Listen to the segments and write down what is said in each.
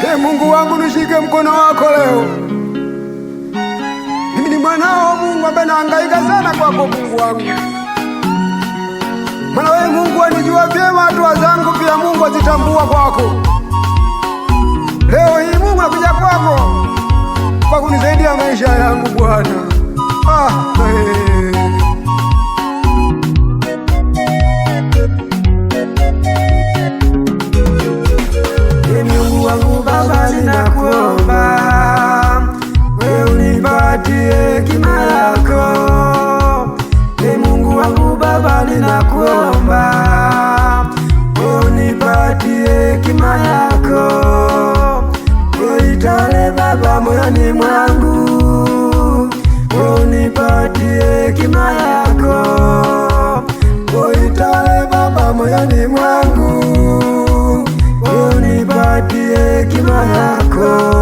Hey, Mungu wangu nishike mkono wako leo. Mimi ni wa Mungu ambaye angaika sana kwako Mungu wangu, mwana wewe Mungu wanijua vyema, hatua zangu pia Mungu azitambua kwako. Leo hii Mungu nakuja kwako kwa kunisaidia maisha yangu Bwana, ah, hey. Eh. kinywani mwangu, unipatie hekima yako, uitoe Baba moyoni mwangu, unipatie hekima yako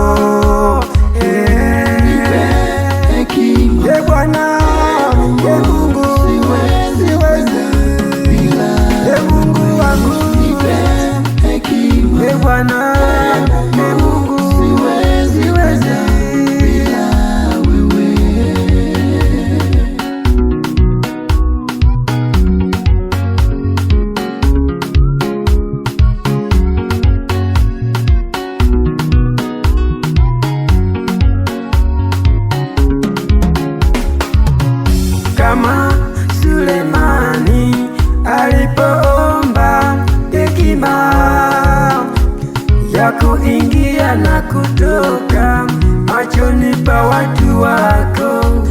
kuingia na kutoka machoni pa watu wako.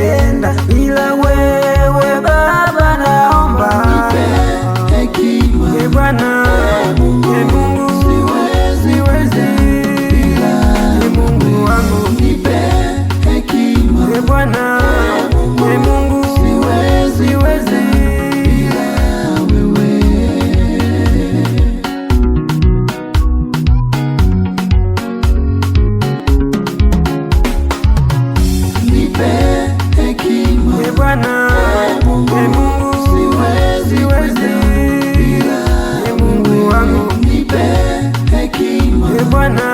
yeah. Bwana Mungu wangu, nipe hekima Bwana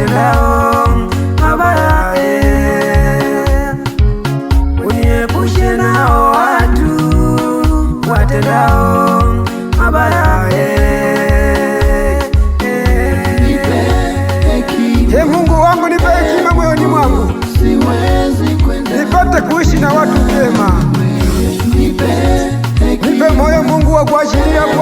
yatendao mabaya, uniepushe nao watu watendao mabaya. Mungu wangu nipe hekima moyoni mwangu, nipate kuishi na watu vyema, nipe moyo Mungu wa